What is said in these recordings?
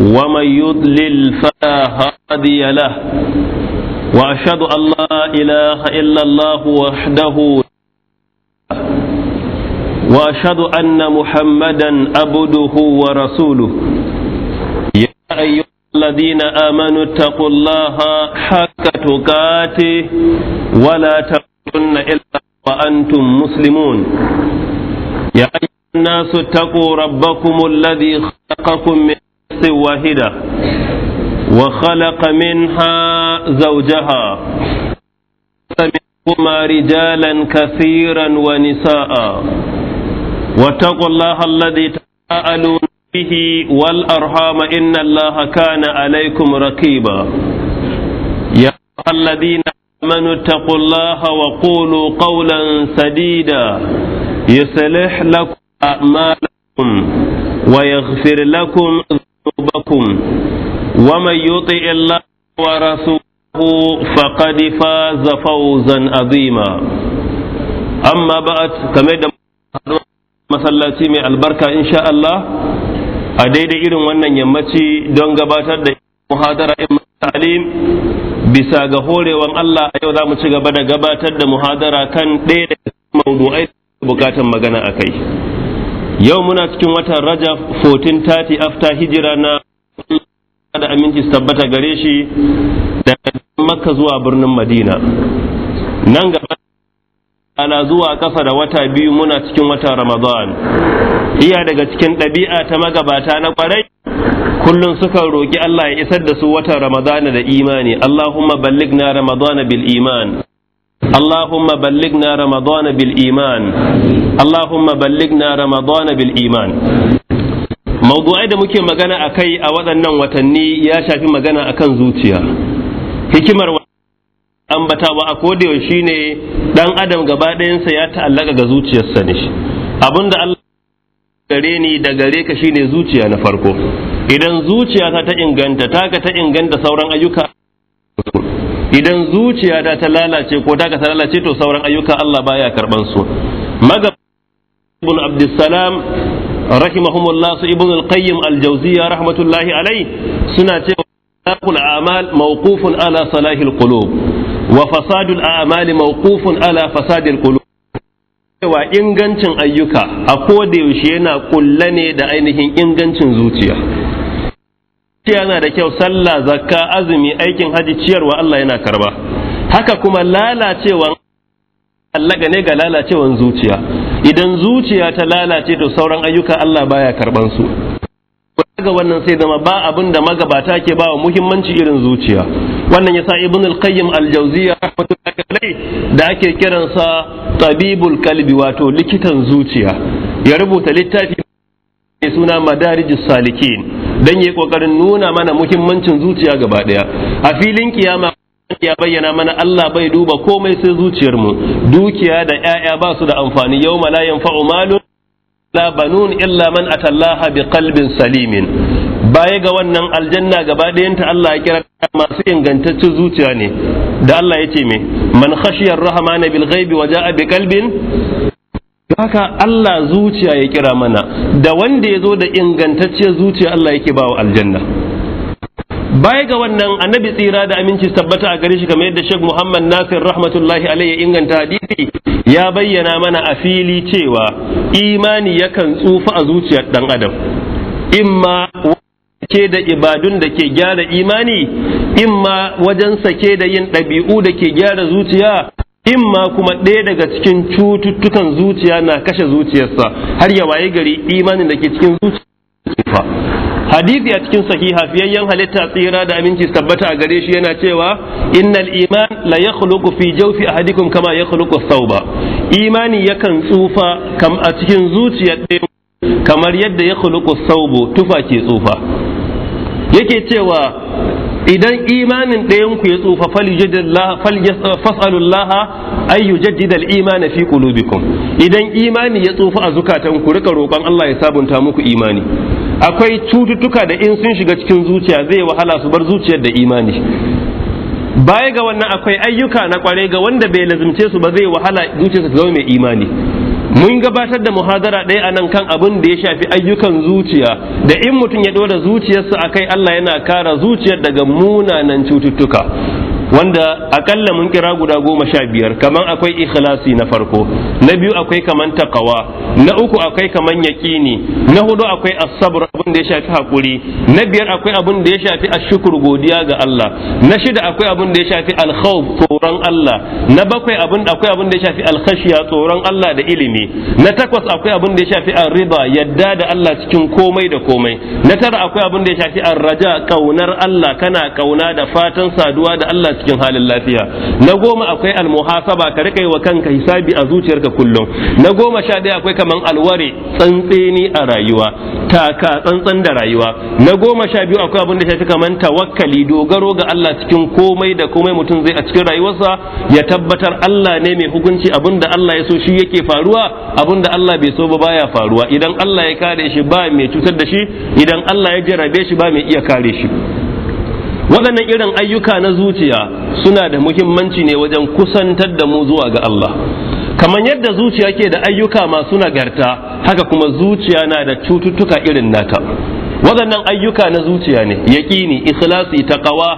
ومن يضلل فلا هادي له وأشهد أن لا إله إلا الله وحده وأشهد أن محمدا عبده ورسوله يا أيها الذين آمنوا اتقوا الله حق تقاته ولا تموتن إلا وأنتم مسلمون يا أيها الناس اتقوا ربكم الذي خلقكم من واحدة وخلق منها زوجها منهما رجالا كثيرا ونساء واتقوا الله الذي تساءلون به والأرحام إن الله كان عليكم رقيبا يا الذين آمنوا اتقوا الله وقولوا قولا سديدا يصلح لكم أعمالكم ويغفر لكم قلوبكم ومن يطع الله ورسوله فقد فاز فوزا عظيما أما بعد كما masallaci mai albarka insha Allah a daidai irin wannan yammaci don gabatar da muhadara ta'alim bisa ga horewan Allah a yau za mu ci gaba da gabatar da muhadara kan ɗaya da mawdu'ai bukatan magana a kai yau muna cikin watan rajab 1430 after hijira na da aminci tabbata gare shi da makka zuwa birnin madina nan gaba ana zuwa ƙasa da wata biyu muna cikin watan ramadan iya daga cikin ɗabi'a ta magabata na kwarai, kullum suka roƙi allah ya isar da su watan ramadana da imani allahumma na ramadana bil iman اللهم بلغنا رمضان بالإيمان اللهم بلغنا رمضان بالإيمان موضوع da muke magana a kai a waɗannan watanni ya shafi magana a kan zuciya hikimar ambatawa a kodewa shi ne ɗan adam gaba ɗayansa ya ta'allaka ga zuciyarsa ne abinda Allah gare ni da gare ka shine zuciya na farko idan zuciya ta ta inganta taka ta inganta sauran ayyuka idan zuciya da ta lalace ko ta ta lalace to sauran ayyuka Allah baya karban su magab ibn abdussalam rahimahumullah su ibn al-qayyim al-jawziyya rahmatullahi alai suna cewa salahul a'mal mawqufun ala salahil qulub wa fasadul a'mal mawqufun ala fasadil qulub cewa ingancin ayyuka a koda yaushe yana kulle ne da ainihin ingancin zuciya yana da kyau sallah zakka azumi aikin haji ciyarwa Allah yana karba haka kuma lalacewan allaga ne ga lalacewan zuciya idan zuciya ta lalace to sauran ayyuka Allah baya karban su ga wannan sai zama ba abin da magabata ke ba wa muhimmanci irin zuciya wannan yasa ibn al-qayyim al-jawziya rahmatullahi da ake kiransa tabibul kalbi wato likitan zuciya ya rubuta littafi mai suna madarijus salikin dan yi kokarin nuna mana muhimmancin zuciya gaba daya a filin kiyama ya bayyana mana Allah bai duba komai sai zuciyar mu dukiya da ƴaƴa ba su da amfani yawma la yanfa'u malun la banun illa man atallaha biqalbin salimin baya ga wannan aljanna gaba ɗayanta Allah ya kira masu ingantaccen zuciya ne da Allah ya ce me man khashiyar rahmana bil ghaibi wa ja'a bi haka Allah zuciya ya kira mana da wanda ya zo da ingantacciyar zuciya Allah yake bawa aljanna baya ga wannan annabi tsira da aminci tabbata a gare shi kamar yadda Sheikh Muhammad Nasir rahmatullahi alaihi inganta hadisi ya bayyana mana a fili cewa imani yakan tsufa a zuciyar dan adam imma ke da ibadun da ke gyara imani imma wajen sake da yin ɗabi'u da ke gyara zuciya in ma kuma ɗaya daga cikin cututtukan zuciya na kashe zuciyarsa har ya waye gari imanin da ke cikin zuciya Hadithi a cikin sahiha fiyayyen halitta tsira da aminci tabbata a gare shi yana cewa innal iman la yakhluqu fi jawfi ahadikum kama yakhluqu thawba imani yakan tsufa kam a cikin zuciyar ɗaya kamar yadda ya thawbu tufa ke tsufa yake cewa idan imanin ɗayan ku ya tsufa fasalullaha ay yujaddida al iman fi qulubikum idan imani ya tsufa a zukatan ku rika roƙon Allah ya sabunta muku imani akwai cututtuka da in sun shiga cikin zuciya zai wahala su bar zuciyar da imani baya ga wannan akwai ayyuka na kware ga wanda bai lazimce su ba zai wahala zuciyarsa ta zama mai imani mun gabatar da muhadara ɗaya anan kan abin da ya shafi ayyukan zuciya da in mutum ya ɗora zuciyarsa akai Allah yana kara zuciyar daga munanan cututtuka wanda akalla mun kira guda goma sha biyar kaman akwai ikhlasi na farko na biyu akwai kaman takawa na uku akwai kaman yaƙini na hudu akwai asabar abin da ya shafi hakuri na biyar akwai abin da ya shafi ashukur godiya ga Allah na shida akwai abin da ya shafi alkhawf tsoron Allah na bakwai abin akwai abin da ya shafi alkhashiya tsoron Allah da ilimi na takwas akwai abin da ya shafi arriba yadda da Allah cikin komai da komai na tara akwai abin da ya shafi arraja kaunar Allah kana kauna da fatan saduwa da Allah cikin halin lafiya na goma akwai almuhasaba ka rika yi wa kanka hisabi a zuciyarka kullum na goma sha ɗaya akwai kaman alware tsantseni a rayuwa taka tsantsan da rayuwa na goma sha biyu akwai abin da shafi kaman tawakkali dogaro ga Allah cikin komai da komai mutum zai a cikin rayuwarsa ya tabbatar Allah ne mai hukunci abin da Allah ya so shi yake faruwa abin da Allah bai so ba baya faruwa idan Allah ya kare shi ba mai cutar da shi idan Allah ya jarabe shi ba mai iya kare shi waɗannan irin ayyuka na zuciya suna da muhimmanci ne wajen kusantar da mu zuwa ga Allah kamar yadda zuciya ke da ayyuka masu nagarta haka kuma zuciya na da cututtuka irin nata waɗannan ayyuka na zuciya ne yaƙini ta taqawa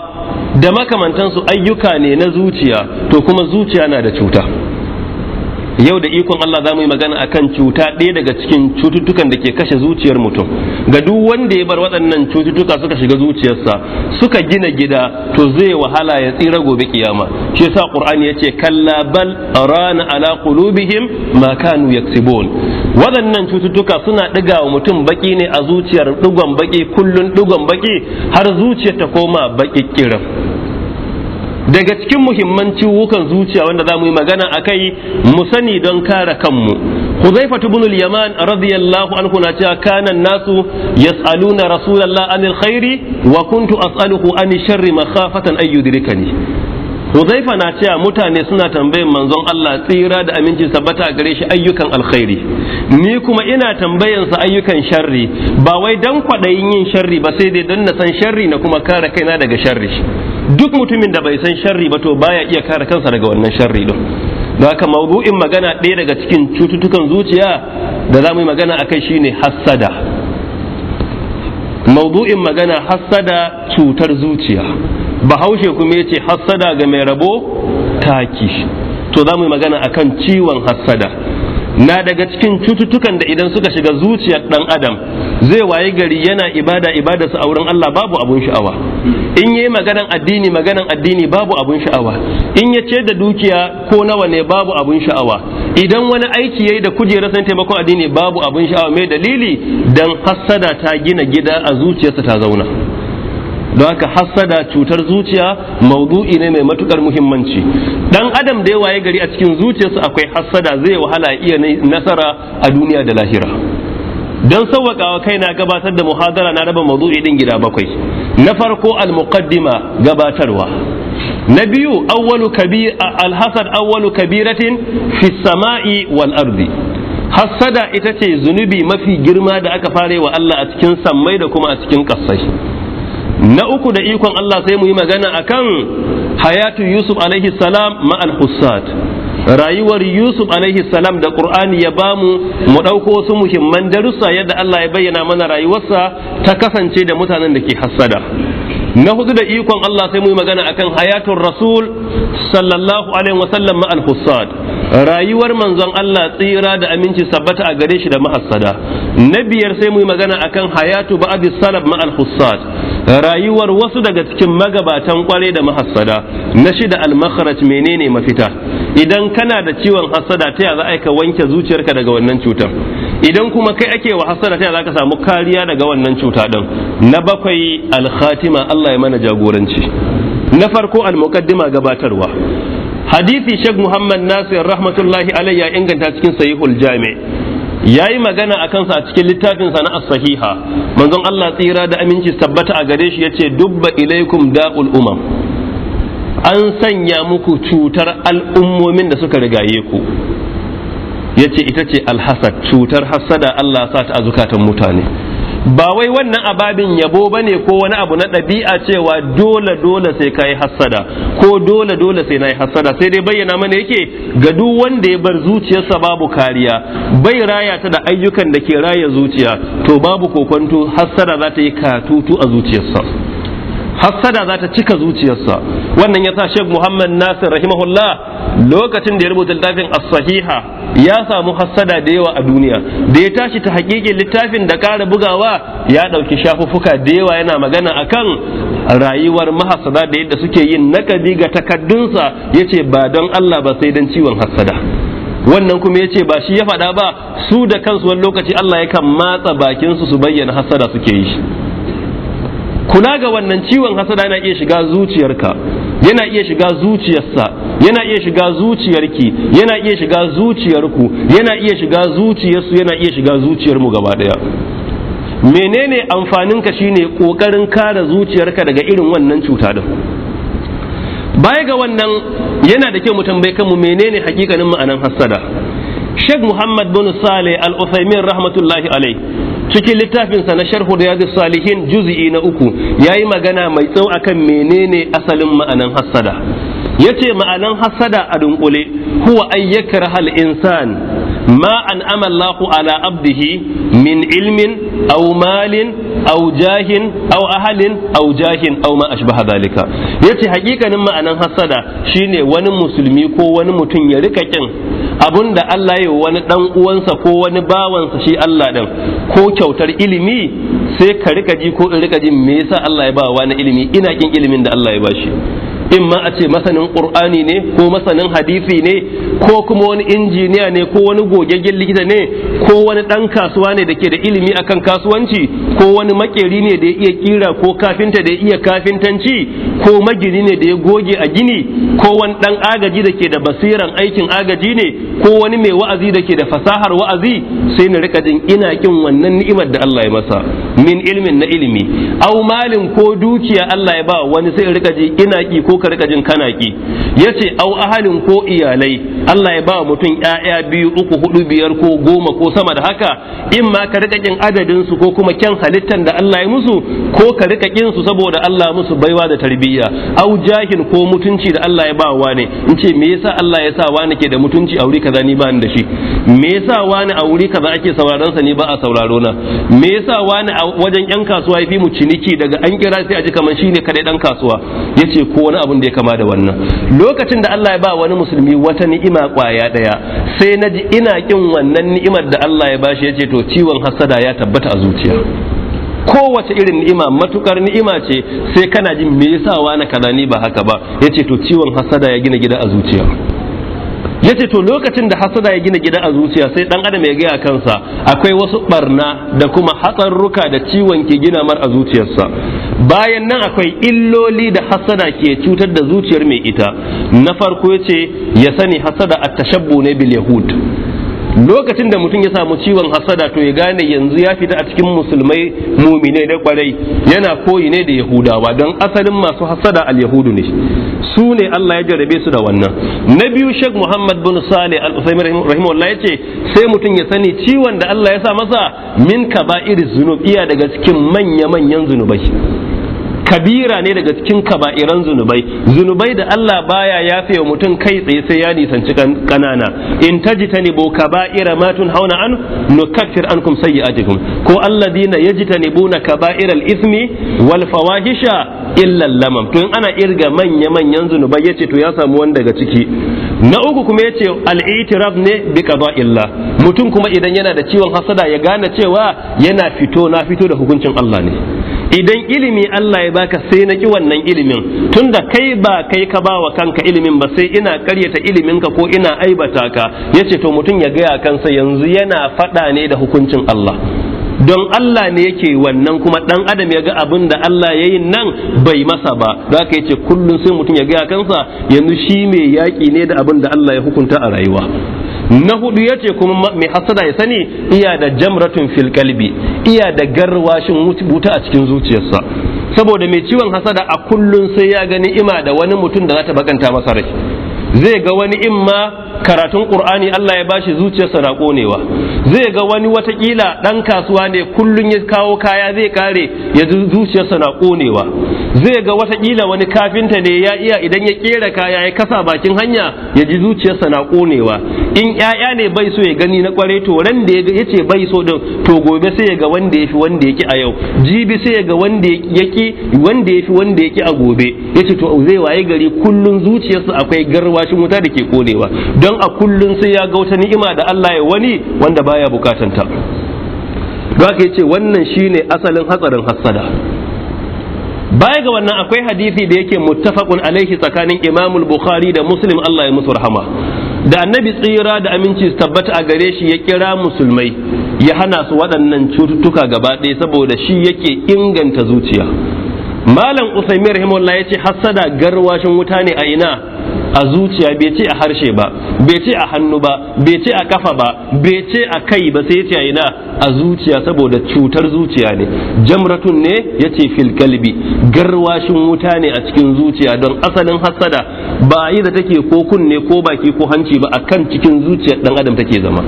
da makamantansu ayyuka ne na zuciya to kuma zuciya na da cuta yau da ikon Allah za mu yi magana a kan cuta ɗaya daga cikin cututtukan da ke kashe zuciyar mutum ga duk wanda ya bar waɗannan cututtuka suka shiga zuciyarsa suka gina gida to zai wahala ya tsira gobe kiyama shi yasa ya ce kalla bal rana ala qulubihim ma kanu yaksibun waɗannan cututtuka suna ɗiga wa mutum baki ne a zuciyar ɗigon baki kullum ɗigon baki har zuciyar ta koma baki kiran daga cikin muhimman ciwukan zuciya wanda za mu yi magana a kai mu sani don kare kanmu huzaifatu ibn al-yaman radiyallahu anhu na cewa kanan nasu yas'aluna rasulullah anil khairi wa kuntu as'aluhu an sharri makhafatan ay yudrikani Huzaifa na cewa mutane suna tambayin manzon Allah tsira da aminci sabata gare shi ayyukan alkhairi ni kuma ina tambayan sa ayyukan sharri ba wai dan kwadayin yin sharri ba sai dai don na san sharri na kuma kare kaina daga sharri duk mutumin da bai san sharri ba to baya iya kare kansa daga wannan sharri din don haka maudu'in magana ɗaya daga cikin cututtukan zuciya da za mu yi magana akai shine hassada maudu'in magana hassada cutar zuciya bahaushe kuma yace ce hassada ga mai rabo taki to za mu yi magana akan ciwon hassada na daga cikin cututtukan da idan suka shiga zuciyar dan adam zai waye gari yana ibada ibada a auren Allah babu abun sha'awa in yayi maganan addini maganan addini babu abun sha'awa in ya ce da dukiya ko nawa ne babu abun sha'awa idan wani aiki yayi da kujerar san taimakon addini babu abun sha'awa mai dalili dan hassada ta gina gida a zuciyarsa ta zauna don haka hassada cutar zuciya maudu'i ne mai matukar muhimmanci dan adam da yawa ya gari a cikin zuciyarsa akwai hassada zai wahala iya nasara a duniya da lahira don sauwaƙawa kai na gabatar da muhadara na raba maudu'i din gida bakwai na farko al-muqaddima gabatarwa na biyu awwalu kabir al-hasad awwalu kabiratin fi samai wal ardi hassada ita ce zunubi mafi girma da aka fare wa Allah a cikin sammai da kuma a cikin ƙasai na uku da ikon Allah sai mu yi magana akan hayatu Yusuf alaihi salam ma'al hussat rayuwar Yusuf alaihi salam da Qur'ani ya bamu mu ɗauko wasu muhimman darussa yadda Allah ya bayyana mana rayuwarsa ta kasance da mutanen da ke hassada na hudu da ikon Allah sai mu yi magana akan hayatun rasul sallallahu alaihi wasallam ma'al hussad rayuwar manzon Allah tsira da aminci sabbata a gare shi da ma'assada na biyar sai mu yi magana akan hayatu ba'd salaf ma'al rayuwar wasu daga cikin magabatan kware da mahassada na shida al makhraj menene mafita idan kana da ciwon hasada ta ya za ka wanke zuciyarka daga wannan cutar idan kuma kai ake wa hasada ta zaka samu kariya daga wannan cuta din na bakwai al-khatima Allah ya mana jagoranci na farko al-muqaddima gabatarwa hadisi Sheikh Muhammad Nasir rahmatullahi alayhi ya inganta cikin Sahihul Jami' yayi magana a kansa a cikin littafin sa na as-sahiha manzon Allah tsira da aminci tabbata a gare shi yace dubba ilaikum da'ul umam an sanya muku cutar al'ummomin da suka rigaye ku ya ce ita ce alhasad cutar hassada Allah sa ta zukatan mutane ba wai wannan ababin yabo ba ne ko wani abu na ɗabi'a cewa dole dole sai ka yi hassada ko dole dole sai na yi hassada sai dai bayyana mana yake ga duk wanda ya bar zuciyarsa babu kariya bai raya ta da ayyukan da ke raya zuciya to babu kokonto hassada za ta yi katutu a zuciyarsa hassada za ta cika zuciyarsa wannan ya sa Sheikh Muhammad Nasir rahimahullah lokacin da ya rubuta littafin as-sahiha ya samu hassada da yawa a duniya da ya tashi ta hakikin littafin da kara bugawa ya ɗauki shafuffuka da yawa yana magana akan rayuwar mahassada da yadda suke yin nakabi ga takaddunsa yace ba don Allah ba sai don ciwon hassada wannan kuma ya ce ba shi ya faɗa ba su da kansu wani lokaci Allah ya kan matsa bakinsu su bayyana hassada suke yi kula ga wannan ciwon hasada yana iya shiga zuciyarka yana iya shiga zuciyarsa yana iya shiga zuciyarki yana iya shiga zuciyarku yana iya shiga zuciyarsu yana iya shiga zuciyarmu gaba daya menene amfaninka shine kokarin kare zuciyarka daga irin wannan cuta din baya ga wannan yana da kyau mu tambaye kanmu menene hakikanin ma'anan hasada? Sheikh Muhammad bin Saleh Al-Uthaymin rahmatullahi alai cikin littafinsa na Sharhu Salihin juz'i na uku ya yi magana mai tsau akan menene asalin ma'anan hassada Ya ce ma'anan hassada a dunkule huwa ayyakar hal insan ma an amallahu ala abdihi min ilmin aw malin au jahin aw ahalin aw jahin aw ma ashbaha dalika yace hakikanin ma'anan hasada shine wani musulmi ko wani mutum ya rika abun da Allah ya wani dan uwansa ko wani bawansa shi Allah dan. ko kyautar ilimi sai ka rika ji ko in rika jin me yasa Allah ya ba na ilimi ina kin ilimin da Allah ya bashi in ma a ce masanin qur'ani ne ko masanin hadisi ne ko kuma wani injiniya ne ko wani gogaggen likita ne ko wani ɗan kasuwa ne da ke da ilimi akan kasuwanci ko wani makeri ne da ya iya kira ko kafinta da ya iya kafintanci ko magini ne da ya goge a gini ko wani dan agaji da ke da basiran aikin agaji ne ko wani mai wa'azi da ke da fasahar wa'azi sai ni rika jin ina kin wannan ni'imar da Allah ya masa min ilmin na ilimi au malin ko dukiya Allah ya ba wani sai rika ji ina ki ko ka rika jin kana ki yace au ahalin ko iyalai Allah ya ba mutum ƴaƴa biyu uku hudu biyar ko goma ko sama da haka in ma ka rika jin adadin su ko kuma kyan halittan da Allah ya musu ko ka rika kin su saboda Allah musu baiwa da tarbiyya au jahil ko mutunci da Allah ya ba wa ne in ce me yasa Allah ya sa wani ke da mutunci aure kaza ni ba ni da shi me yasa wani aure kaza ake sauraron sa ni ba a sauraro na me yasa wani a wajen yan kasuwa ya mu ciniki daga an kira sai a ji kamar shine kadai dan kasuwa yace ko wani abu abin da ya kama da wannan lokacin da Allah ya ba wani musulmi wata ni'ima kwaya daya sai naji ina kin wannan ni'imar da Allah ya bashi yace to ciwon hasada ya tabbata a zuciya kowace irin ni'ima matukar ni'ima ce sai kana jin me yasa wani kaza ni ba haka ba yace to ciwon hasada ya gina gida a zuciya ya ce to lokacin da hasada ya gina gida a zuciya sai dan adam ya gaya kansa akwai wasu barna da kuma hatsarruka da ciwon ke gina mar a zuciyarsa bayan nan akwai illoli da hasada ke cutar da zuciyar mai ita na farko ya ce ya sani hasada a tashabbu ne bil yahud lokacin da mutum ya samu ciwon hasada to ya gane yanzu ya fita a cikin musulmai mumine da kwarai yana koyi ne da yahudawa don asalin masu hasada al yahudu ne su ne Allah ya jarabe su da wannan na biyu Sheikh Muhammad bin sale al Utsaimin rahimahullah ce sai mutum ya sani ciwon da Allah ya sa masa min kaba'ir zunub iya daga cikin manya manyan zunubai kabira ne daga cikin kaba'iran zunubai zunubai da Allah baya yafe wa mutum kai tsaye sai ya nisanci kanana in bo kaba'ira ma hauna an nukaffir ankum sayyi'atikum ko alladina na kaba'iral ismi wal fawahisha illa lamam to in ana irga manya manyan zunubai yace to ya samu wani daga ciki na uku kuma yace al-i'tiraf ne bi qada'illah mutum kuma idan yana da ciwon hasada ya gane cewa yana fito na fito da hukuncin Allah ne idan ilimi Allah ya baka sai na ki wannan ilimin tunda kai ba kai ka ba wa kanka ilimin ba sai ina karyata iliminka ko ina aibata ka yace to mutum ya gaya kansa yanzu yana faɗa ne da hukuncin Allah don Allah ne yake wannan kuma dan adam ya ga abin da Allah ya yi nan bai masa ba za yace kullum sai mutum ya gaya kansa yanzu shi mai yaki ne da abin da Allah ya hukunta a rayuwa na hudu yace kuma mai hasada ya sani iya da jamratun fil qalbi iya da garwashin wuta a cikin zuciyarsa saboda mai ciwon hasada a kullun sai ya gani ima da wani mutum da za ta bakanta masa rai zai ga wani imma karatun qur'ani Allah ya bashi zuciyarsa na konewa zai ga wani watakila dan kasuwa ne kullun ya kawo kaya zai kare ya zuciyarsa na konewa zai ga watakila wani kafinta ne ya iya idan ya kera kaya ya kasa bakin hanya ya ji zuciyarsa na konewa in yaya ne bai so ya gani na kware to ran da ya ce bai so din to gobe sai ya ga wanda ya fi wanda ya ki a yau jibi sai ya ga wanda ya ki wanda ya fi wanda ya ki a gobe yace to zai waye gari kullun zuciyarsa akwai garwa garwashin wuta da ke konewa don a kullum sai ya ga wata ni'ima da Allah ya wani wanda baya bukatanta don haka yace wannan shine asalin hatsarin hassada baya ga wannan akwai hadisi da yake muttafaqun alaihi tsakanin Imam Bukhari da Muslim Allah ya musu rahama da annabi tsira da aminci su tabbata a gare shi ya kira musulmai ya hana su waɗannan cututtuka gaba ɗaya saboda shi yake inganta zuciya malam usaimi rahimahullah ya ce hassada garwashin wuta ne a ina a zuciya bai ce a harshe ba bai ce a hannu ba bai ce a kafa ba bai ce a kai ba sai ce a ina a zuciya saboda cutar zuciya ne jamratun ne ya ce fil kalbi garwashin wuta ne a cikin zuciya don asalin hassada ba yi da take ko kunne ko baki ko hanci ba akan cikin zuciyar dan adam take zama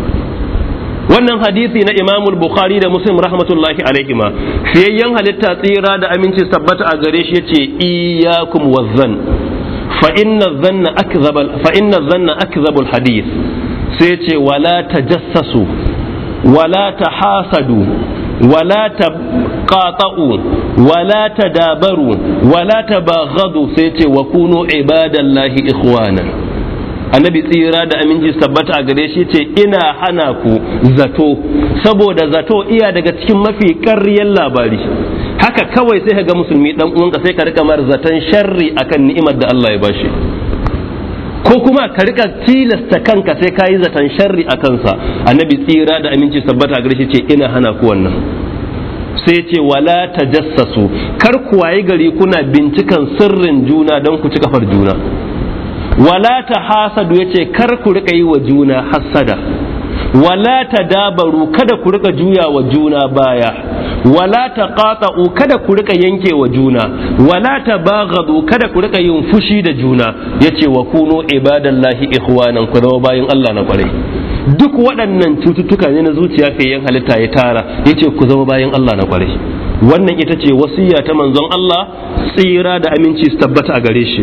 wannan hadisi na imamul bukhari da muslim rahmatullahi alaihi ma fiyayyen halitta tsira da aminci tabbata a gare shi yace iyyakum wazzan fa inna zanna akzabal fa inna zanna akzabul hadith sai ce wala tajassasu wala tahasadu wala taqata'u wala tadabaru wala tabaghadu sai ce wa kunu lahi ikwana. annabi tsira da aminci tabbata a gare shi ce ina hana ku zato saboda zato iya daga cikin mafi ƙarriyar labari haka kawai sai ka ga musulmi dan uwanka sai ka rika mar zaton sharri akan ni'imar da Allah ya bashi ko kuma ka rika tilasta kanka sai ka yi zaton sharri a kansa annabi tsira da aminci sabbata gare shi ce ina hana ku wannan sai ce wala tajassasu kar ku wayi gari kuna bincikan sirrin juna don ku ci kafar juna wala ta hasadu yace kar ku rika yi wa juna hassada wala ta dabaru kada ku rika juya wa juna baya wala ta qata'u kada ku rika yanke wa juna wala ta baghadu kada ku rika yin fushi da juna yace wa kunu ibadallahi ikhwanan ku zama bayin Allah na kwarai duk waɗannan cututtuka ne na zuciya yan halitta ya tara yace ku zama bayin Allah na kwarai wannan ita ce wasiya ta manzon Allah tsira da aminci su tabbata a gare shi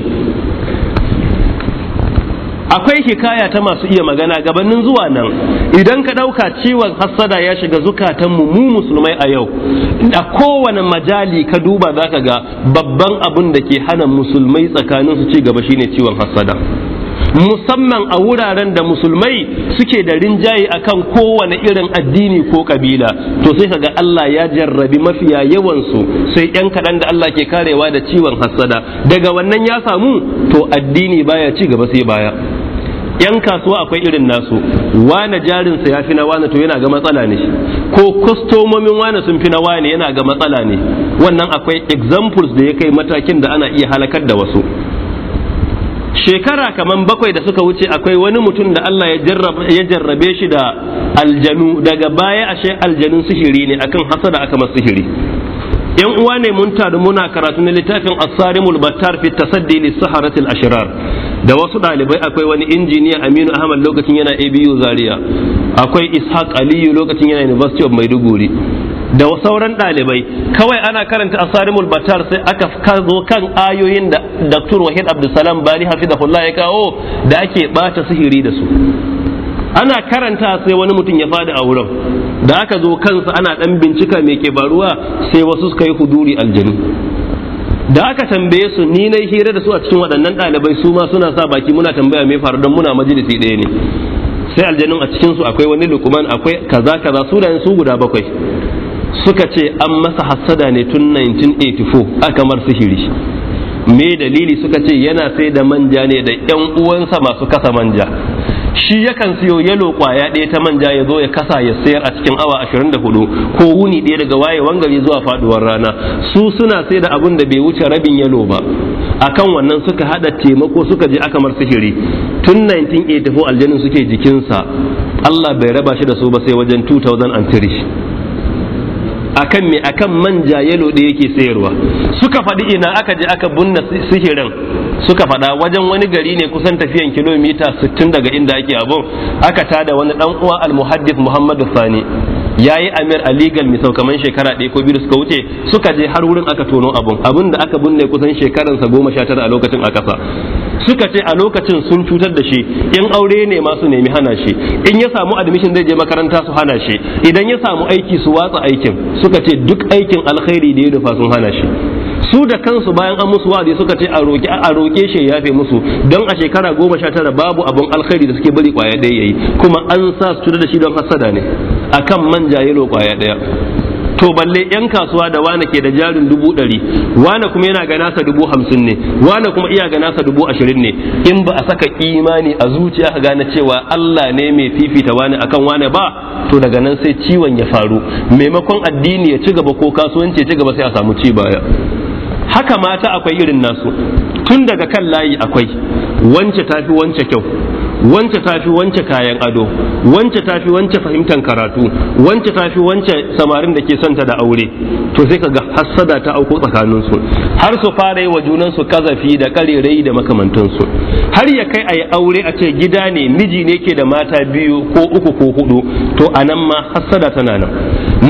akwai hikaya ta masu iya magana gabanin zuwa nan idan ka ɗauka ciwon hassada ya shiga zukatanmu mu musulmai a yau a kowane majali ka duba zaka ga babban abin da ke hana musulmai tsakanin su ci gaba shine ciwon hassada musamman a wuraren da musulmai suke da rinjaye akan kowane irin addini ko kabila to sai kaga Allah ya jarrabi mafiya yawan su sai yan kaɗan da Allah ke karewa da ciwon hassada daga wannan ya samu to addini baya ci gaba sai baya yan kasuwa akwai irin nasu wane jarinsa ya fi na wane to yana ga matsala ne ko kwastomomin wane sun fi na wane yana ga matsala ne wannan akwai examples da ya kai matakin da ana iya halakar da wasu shekara kamar bakwai da suka wuce akwai wani mutum da Allah ya jarrabe shi da aljanu daga baya ashe aljanun sihiri ne akan hasada aka masu sihiri yan uwa ne mun taru muna karatu na littafin asarimul battar fi tasaddi li saharatil ashrar da wasu dalibai akwai wani injiniya Aminu Ahmad lokacin yana ABU Zaria akwai Ishaq Aliyu lokacin yana University of Maiduguri da sauran dalibai kawai ana karanta asarimul battar sai aka zo kan ayoyin da Dr. Wahid Abdulsalam Bali hafizahullah ya kawo da ake bata sihiri da su ana karanta sai wani mutum ya fada a wurin da aka zo kansa ana ɗan bincika mai ke baruwa sai wasu suka yi huduri aljanu da aka tambaye su ni na hira da su a cikin waɗannan ɗalibai su ma suna sa baki muna tambaya mai faru don muna majalisi ɗaya ne sai aljanun a cikin su akwai wani lukuman akwai kaza kaza sunayen su guda bakwai suka ce an masa hassada ne tun 1984 a kamar sihiri me dalili suka ce yana sai da manja ne da yan uwansa masu kasa manja shi yakan siyo yalo kwaya ɗaya ta manja ya zo ya kasa ya sayar a cikin awa 24 ko wuni ɗaya daga waye gari zuwa faduwar rana su suna sai da abun da bai wuce rabin yalo ba akan wannan suka hada taimako suka je aka mar sihiri tun 1984 aljanin suke jikinsa Allah bai raba shi da su ba sai wajen 2003 akan me akan manja yalo da yake sayarwa suka faɗi ina aka je aka bunna sihirin suka faɗa wajen wani gari ne kusan tafiyan kilomita 60 daga inda ake abu aka tada wani dan uwa almuhaddith muhammadu sani yayi amir a legal misau kamar shekara ɗaya ko biyu suka wuce suka je har wurin aka tono abun abun da aka bunne kusan shekaransa goma sha tara a lokacin a kasa suka ce a lokacin sun cutar da shi in aure ne ma su nemi hana shi in ya samu admission zai je makaranta su hana shi idan ya samu aiki su watsa aikin suka ce duk aikin alkhairi da ya rufa sun hana shi su da kansu bayan an musu wa'azi suka ce a roƙe shi ya fi musu don a shekara goma sha tara babu abin alkhairi da suke bari kwaya ɗaya yayi kuma an sa su da shi don hasada ne akan manja yalo kwaya daya. to balle yan kasuwa da wane ke da jarin dubu ɗari wane kuma yana ga nasa dubu hamsin ne wane kuma iya ga nasa dubu ashirin ne in ba a saka imani a zuciya ka gane cewa Allah ne mai fifita wane akan wane ba to daga nan sai ciwon ya faru maimakon addini ya ci gaba ko kasuwanci ya ci gaba sai a samu ci baya haka mata akwai irin nasu tun daga kan layi akwai wance tafi wance kyau wance tafi wance kayan ado wance tafi wance fahimtar karatu wance tafi wance samarin da ke santa da aure to sai kaga hassada ta auko tsakanin su har su fara yi wa junan su kazafi da karerai da makamantan su har ya kai ayi aure a ce gida ne miji ne ke da mata biyu ko uku ko hudu to anan ma hassada tana nan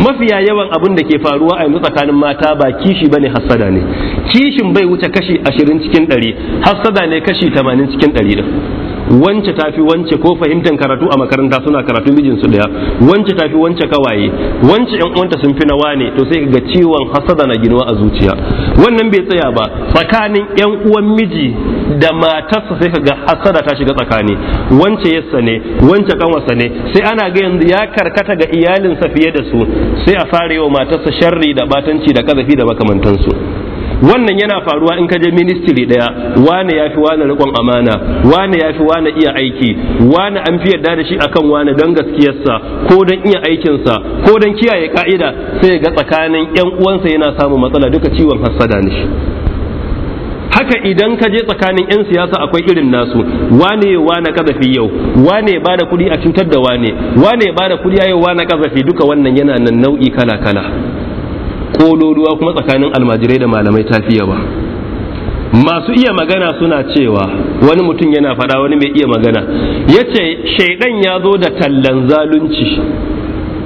mafiya yawan abin da ke faruwa a yanzu tsakanin mata ba kishi bane hassada ne kishin bai wuce kashi ashirin cikin ɗari hassada ne kashi tamanin cikin ɗari wance tafi wance ko fahimtar karatu a makaranta suna karatu su daya wance tafi wance kawaye wance yan uwanta sun fi nawa ne to sai ga ciwon hasada na ginuwa a zuciya wannan bai tsaya ba tsakanin yan uwan miji da matarsa sai kaga hasada ta shiga tsakani wance yassa ne wance kanwarsa ne sai ana ga yanzu ya karkata ga iyalinsa fiye da su sai a fara wa matarsa sharri da batanci da kazafi da makamantansu wannan yana faruwa in ka je ministry daya wane yafi wane rikon amana wane yafi wane iya aiki wane an fi yarda da shi akan wane don gaskiyarsa ko don iya aikinsa ko don kiyaye ka'ida sai ga tsakanin yan uwansa yana samun matsala duka ciwon hassada ne shi haka idan ka je tsakanin 'yan siyasa akwai irin nasu wane wane kazafi yau wane ba da kuɗi a cutar da wane wane ba da kuɗi a yau wane kazafi duka wannan yana nan nau'i kala kala kololuwa kuma tsakanin almajirai da malamai ta ba masu iya magana suna cewa wani mutum yana fada wani mai iya magana ya ce shaidan ya zo da tallan zalunci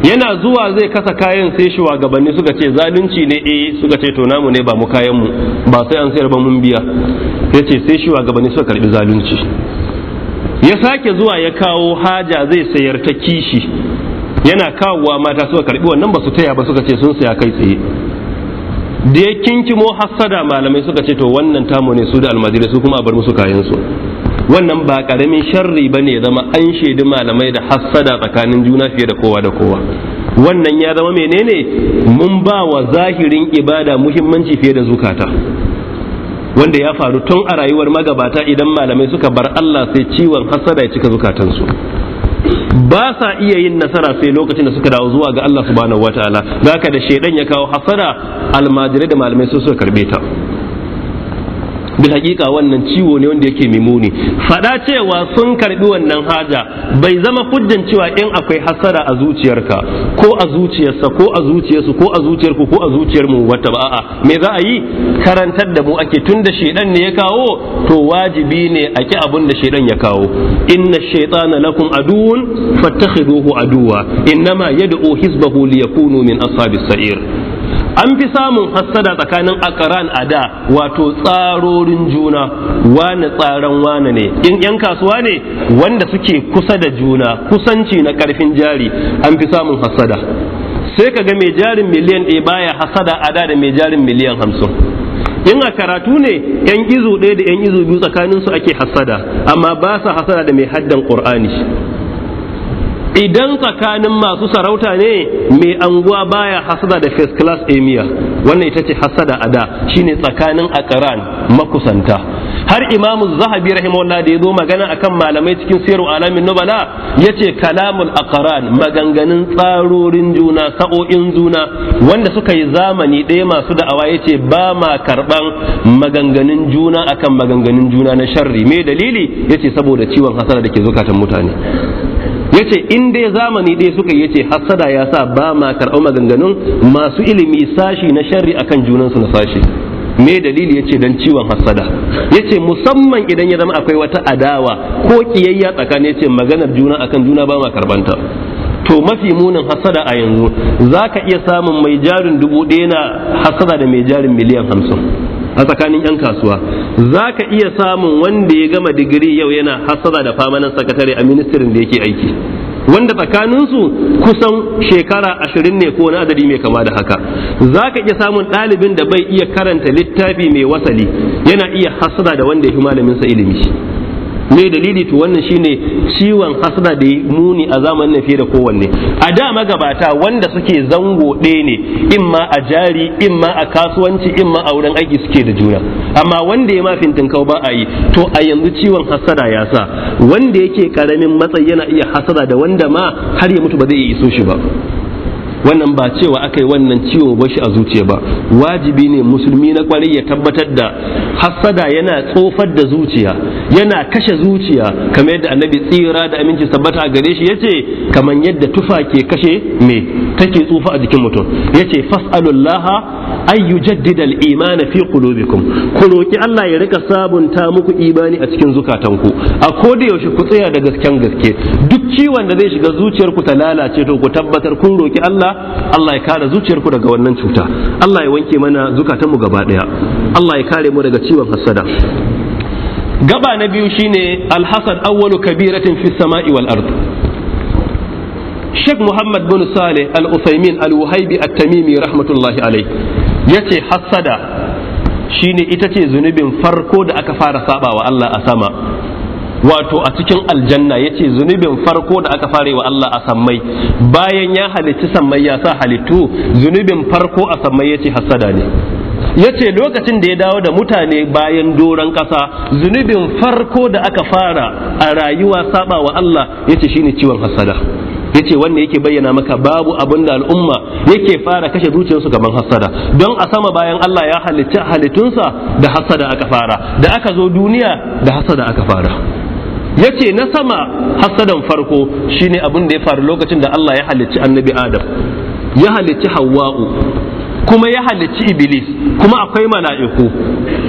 yana zuwa zai kasa kayan sai shi shugabanni suka ce zalunci ne eh suka ce to namu ne ba mu kayan mu ba sai an sayar ba mun biya ya ce sai shi gabanni suka karbi zalunci ya sake zuwa ya kawo haja zai sayar ta kishi yana kawowa mata suka karbi wannan ba su taya ba suka ce sun saya kai tsaye da ya kinkimo hassada malamai suka ce to wannan tamu ne su da almajirai su kuma bar musu kayan wannan ba karamin sharri ba ne zama an shaidi malamai da hassada tsakanin juna fiye da kowa da kowa wannan ya zama menene mun ba wa zahirin ibada muhimmanci fiye da zukata wanda ya faru tun a rayuwar magabata idan malamai suka bar Allah sai ciwon hasada ya cika zukatansu ba sa iya yin nasara sai lokacin da suka dawo zuwa ga Allah subhanahu wataala ka da shedan ya kawo hasara almajirai da malamai su suka karbe ta bil hakika wannan ciwo ne wanda yake mimuni faɗa cewa sun karbi wannan haja bai zama hujjan cewa in akwai hasara a zuciyarka ko a zuciyarsa ko a zuciyarsu ko a zuciyarku ko a zuciyar mu wata ba a'a me za a yi karantar da mu ake tunda shedan ne ya kawo to wajibi ne a ki abin da shedan ya kawo inna shaytana lakum aduwwun fattakhiduhu aduwa innama yad'u hizbahu liyakunu min ashabis sa'ir an fi samun hassada tsakanin akaran a da wato tsarorin juna wane tsaron wane ne in yan kasuwa ne wanda suke kusa da juna kusanci na karfin jari an fi samun hassada sai ka ga mai jarin miliyan ɗaya baya hasada a da da mai jarin miliyan hamsin in a karatu ne yan izu ɗaya da yan izu biyu tsakaninsu su ake hasada amma ba sa hasada da mai haddan qur'ani idan tsakanin masu sarauta ne mai anguwa baya hasada da first class emir wannan ita ce hasada a da shine tsakanin akaran makusanta har imamu zahabi rahimahullah da ya zo magana akan malamai cikin siru alamin nubala ya ce kalamul akaran maganganun tsarorin juna sa'o'in juna wanda suka yi zamani ɗaya masu da'awa ya ce ba ma karɓan maganganun juna akan maganganun juna na sharri me dalili yace saboda ciwon hasada da ke zukatan mutane yace in dai zamani ɗaya suka yace hassada ya sa ba ma karɓar maganganun masu ilimi sashi na sharri akan junansu na sashi me dalili yace dan ciwon hassada yace musamman idan ya zama akwai wata adawa ko kiyayya tsakanin yace maganar juna akan juna ba ma karbanta to mafi munin hassada a yanzu za ka iya samun mai jarin dubu ɗaya na hasada da mai jarin miliyan hamsin a tsakanin 'yan kasuwa za ka iya samun wanda ya gama digiri yau yana hasada da famanan sakatare a ministirin da yake aiki wanda tsakaninsu kusan shekara ashirin ne ko na adadi mai kama da haka za ka iya samun ɗalibin da bai iya karanta littafi mai wasali yana iya hasada da wanda ya fi malaminsa ilimi me dalili to wannan shine ciwon hasada da muni a zamanin nan fiye da kowanne a da magabata wanda suke zango ɗaya ne imma a jari imma a kasuwanci imma a wurin aiki suke da juna amma wanda ya mafin tinkau ba a yi to a yanzu ciwon hasada ya sa wanda yake karamin matsayi yana iya hasada da wanda ma har ya mutu ba zai iya iso shi ba wannan ba cewa aka yi wannan ciwo ba shi a zuciya ba wajibi ne musulmi na kwarai ya tabbatar da hassada yana tsofar da zuciya yana kashe zuciya kamar yadda annabi tsira da aminci sabbata a gare shi ya ce kamar yadda tufa ke kashe me take tsufa a jikin mutum yace fas'alullaha ayyu yujaddida al-iman fi qulubikum ku roki Allah ya rika sabunta muku imani a cikin zukatanku a koda yaushe ku tsaya da gasken gaske duk ciwon da zai shiga zuciyarku ta lalace to ku tabbatar kun roki Allah Allah ya kare zuciyar ku daga wannan cuta Allah ya wanke mana zukatanmu gaba daya Allah ya kare mu daga ciwon hasada gaba na biyu shine alhasad awwalu kabiratin fi sama'i wal ard Sheikh Muhammad bin Saleh Al-Uthaymeen Al-Wahibi At-Tamimi rahmatullahi alayh yace hasada shine ita ce zunubin farko da aka fara sabawa Allah a sama wato a cikin aljanna yace zunubin farko da aka fare wa Allah a sammai bayan ya halicci sammai ya sa halittu zunubin farko a sammai yace hasada ne yace lokacin da ya dawo da mutane bayan doron ƙasa zunubin farko da aka fara a rayuwa saba wa Allah yace shine ciwon hasada yace wanda yake bayyana maka babu abin da al'umma yake fara kashe zuciyarsu gaban hasada don a sama bayan Allah ya halitta halittunsa da hasada aka fara da aka zo duniya da hasada aka fara yace na sama hasadan farko shine abin da ya faru lokacin da Allah ya halicci annabi Adam ya halicci Hawwa'u kuma ya halicci Iblis kuma akwai mala'iku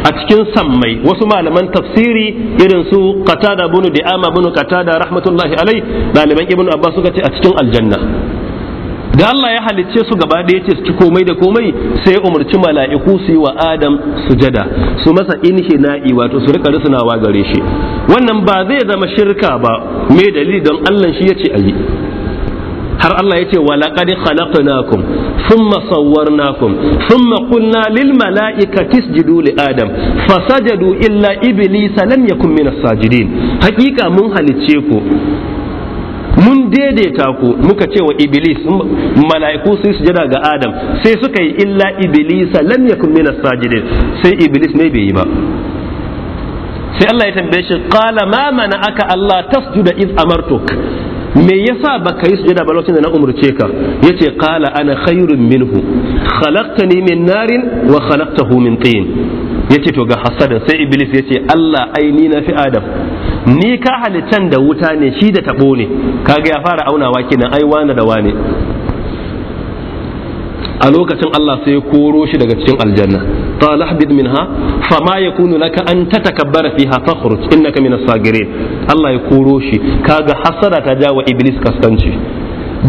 a cikin sammai wasu malaman tafsiri irin su Qatada bin Di'ama bin Qatada rahmatullahi alai daliban Ibn Abbas suka ce a cikin aljanna da Allah ya halicce su gaba da yace su ci komai da komai sai umarci mala'iku su yi wa Adam sujada su masa na'i wato su rika wa gare shi wannan ba zai zama shirka ba me dalili don Allah shi yace yi. har Allah yace wa laqad khalaqnakum thumma sawwarnakum thumma qulna lil mala'ikati isjudu li adam fasajadu illa iblisa lam yakun minas sajidin hakika mun halicce ku daidaita ku muka ce wa iblis mala'iku su sujada ga adam sai suka yi illa iblisa lam yakun min sajidin sai iblis ne bai yi ba sai Allah ya tambaye shi qala ma mana aka Allah tasjuda iz amartuk me yasa baka yi sujada ba lokacin da na umurce ka yace qala ana khairun minhu khalaqtani min narin wa khalaqtahu min tin yace to ga hasadan sai iblis yace Allah ai ni na fi adam ni ka halittan da wuta ne shi da tabo ne kaga ya fara aunawa kenan ai wane da wane a lokacin Allah sai ya koro shi daga cikin aljanna qala ahbid minha fama yakunu laka an tatakabbara fiha fakhruj innaka as sagirin Allah ya koro shi kaga hasada ta jawa iblis kaskanci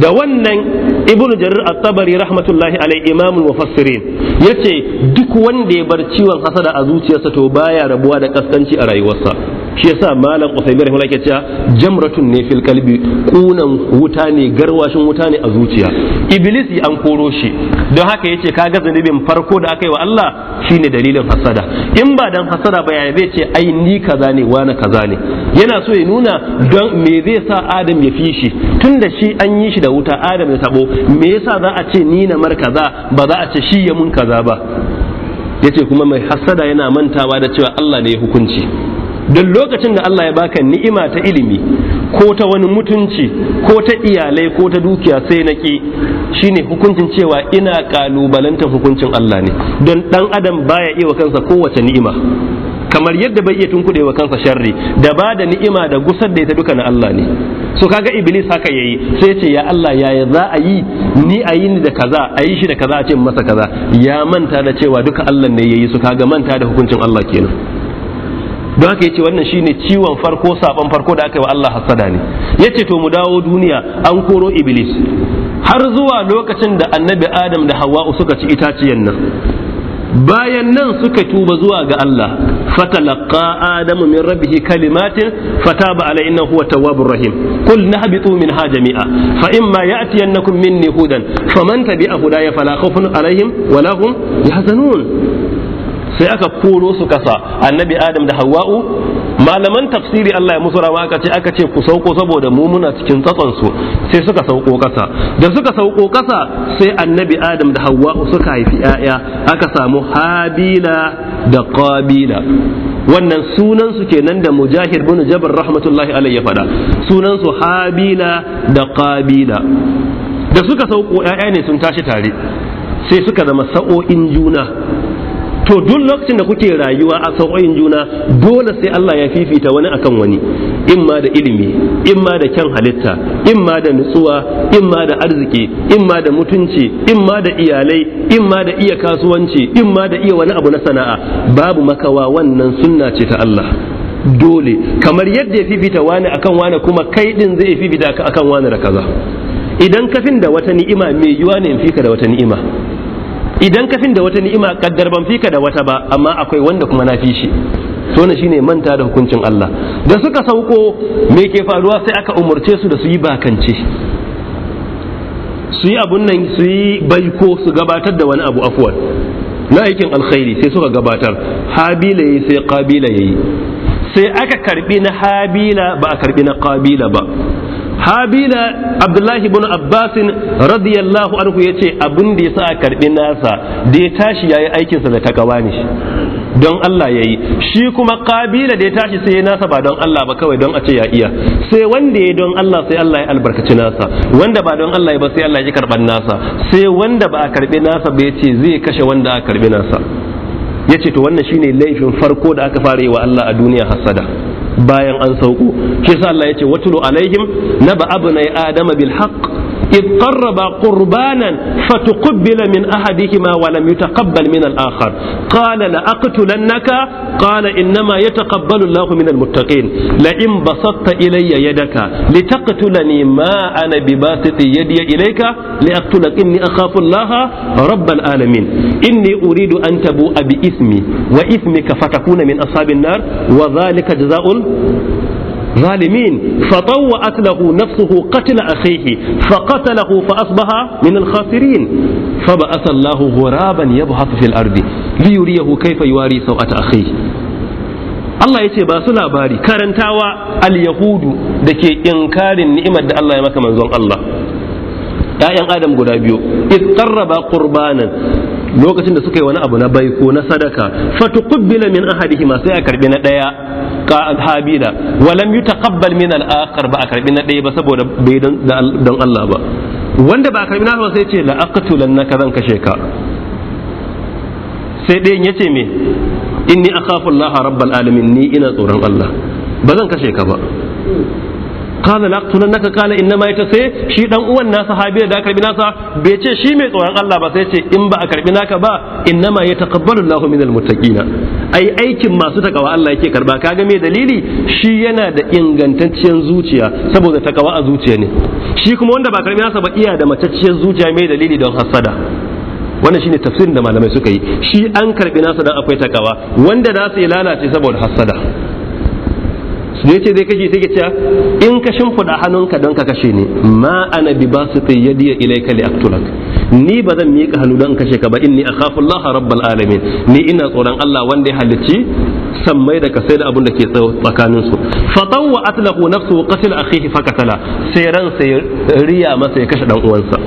da wannan ibnu jarir at-tabari rahmatullahi alai imamul mufassirin yace duk wanda ya bar ciwon hasada a zuciyarsa to baya rabuwa da kaskanci a rayuwarsa shi yasa malam usaimi rahimu yake cewa jamratun ne fil kalbi kunan wuta ne garwashin wuta ne a zuciya iblis an koro shi don haka yace kaga zanubin farko da aka yi wa Allah shine dalilin hasada in ba dan hasada ba yaya zai ce ai ni kaza ne wani kaza ne yana so ya nuna don me zai sa adam ya fi shi tun da shi an yi shi da wuta adam ya tabo me yasa za a ce ni na mar kaza ba za a ce shi ya mun kaza ba yace kuma mai hasada yana mantawa da cewa Allah ne ya hukunci don lokacin da Allah ya baka ni'ima ta ilimi ko ta wani mutunci ko ta iyalai ko ta dukiya sai na ki shine hukuncin cewa ina kalubalantar hukuncin Allah ne don dan adam baya iya wa kansa kowace ni'ima kamar yadda bai iya tunkuɗe wa kansa sharri da ba da ni'ima da gusar da ita duka na Allah ne so kaga iblis haka yayi sai ce ya Allah yaya za a yi ni a yi ni da kaza a yi shi da kaza a ce masa kaza ya manta da cewa duka Allah ne yayi su kaga manta da hukuncin Allah kenan don haka yace wannan shine ciwon farko saban farko da aka yi wa Allah hasada ne yace to mu dawo duniya an koro iblis har zuwa lokacin da annabi adam da hawa'u suka ci itaciyan nan bayan nan suka tuba zuwa ga Allah fatalaqa adamu min rabbih kalimatin fataba alayhi innahu huwa tawwabur rahim qul nahbitu minha jami'a fa imma ya'tiyannakum minni hudan faman tabi'a hudaya fala khawfun alaihim wa lahum yahzanun sai aka koro su kasa annabi adam da hawa'u malaman tafsiri Allah ya musu rawa aka ce aka ce ku sauko saboda mu muna cikin tsatson su sai suka sauko kasa da suka sauko kasa sai annabi adam da hawa'u suka haifi yaya aka samu habila da qabila wannan sunan su kenan da mujahid bin rahmatullahi alaihi ya fada sunan su habila da qabila da suka sauko yaya ne sun tashi tare sai suka zama sa'o'in juna to duk lokacin da kuke rayuwa a sauƙoyin juna dole sai Allah ya fifita wani akan wani in ma da ilimi in ma da kyan halitta in ma da nutsuwa in ma da arziki in ma da mutunci in ma da iyalai in ma da iya kasuwanci in ma da iya wani abu na sana'a babu makawa wannan sunna ce ta Allah dole kamar yadda ya fifita wani akan wani kuma kai din zai fifita akan wani da kaza idan kafin da wata ni'ima mai yiwa ne in fika da wata ni'ima idan ka fin da wata ni'ima kaddar ban fika da wata ba amma akwai wanda kuma na fi shi to ne shine manta da hukuncin Allah da suka sauko me ke faruwa sai aka umurce su da su yi bakance su yi abun nan su yi baiko su gabatar da wani abu afwan na aikin alkhairi sai suka gabatar habila yayi sai qabila yayi sai aka karbi na habila ba a karbi na qabila ba habila abdullahi ibn abbasin radiyallahu anhu ya ce abin da ya sa a karbi nasa da ya tashi ya yi aikinsa da takawa ne don Allah ya yi shi kuma kabila da ya tashi sai ya nasa ba don Allah ba kawai don a ce ya iya sai wanda ya don Allah sai Allah ya albarkaci nasa wanda ba don Allah ba sai Allah ya karban nasa sai wanda ba a karbi nasa ba ya ce zai kashe wanda aka karbi nasa ya ce to wannan shine laifin farko da aka fara yi wa Allah a duniya hasada bayan an sauko shi yasa Allah yace watulu alaihim naba abna adama bil haqq id qarraba qurbanan fatuqbila min ahadihima wa lam yutaqabbal min al akhar qala la aqtulannaka qala innama yataqabbalu Allahu min al muttaqin la in basatta ilayya yadaka litaqtulani ma ana bibasiti yadi ilayka li aqtulak inni akhafu Allah rabbal alamin inni uridu an tabu'a bi ismi wa ismika fatakuna min ashabin nar wa dhalika jazaa'ul ظالمين فطوعت له نفسه قتل أخيه فقتله فأصبح من الخاسرين فبعث الله غرابا يبحث في الأرض ليريه كيف يواري سوءة أخيه Allah ya ce ba su labari karantawa al-yahudu da ke inkarin ni'imar da Allah ya maka manzon Allah ‘ya'yan Adam guda biyu, iz qarraba qurbanan lokacin da suka yi wani abu na bai ko na sadaka fatuqbila min ma sai a karbi na daya ka habila walam yutaqabbal min al-akhar ba a karbi na daya ba saboda bai don Allah ba wanda ba a karbi na ba sai ce la aqtulannaka zan kashe ka sai ɗayan ya me inni akhafu Allah rabbal alamin ni ina tsoron Allah ba zan kashe ka ba naka kala inna ma ita sai shi dan uwan nasa habi da karbi nasa bai ce shi mai tsoron Allah ba sai ce in ba a karbi naka ba ma yataqabbalu Allahu minal muttaqina ai aikin masu takawa Allah yake karba kaga me dalili shi yana da ingantacciyar zuciya saboda takawa a zuciya ne shi kuma wanda ba karbi nasa ba iya da matacciyar zuciya mai dalili don hasada wannan shine tafsirin da malamai suka yi shi an karbi nasa dan akwai takawa wanda da ya lalace saboda hasada da ce zai kashe sai ce in ka shimfida hannunka don ka kashe ni ma ana bi ba su basiti ilai ilayka li aktulak ni ba zan miƙa hannu don kashe ka ba inni kafin laha rabbal alamin ni ina tsoron Allah wanda ya halicci sammai da kasai da abun da ke tsakanin su fa tawwa atlahu nafsuhu qatl akhihi fa katala sai ran sai riya masa ya kashe dan uwansa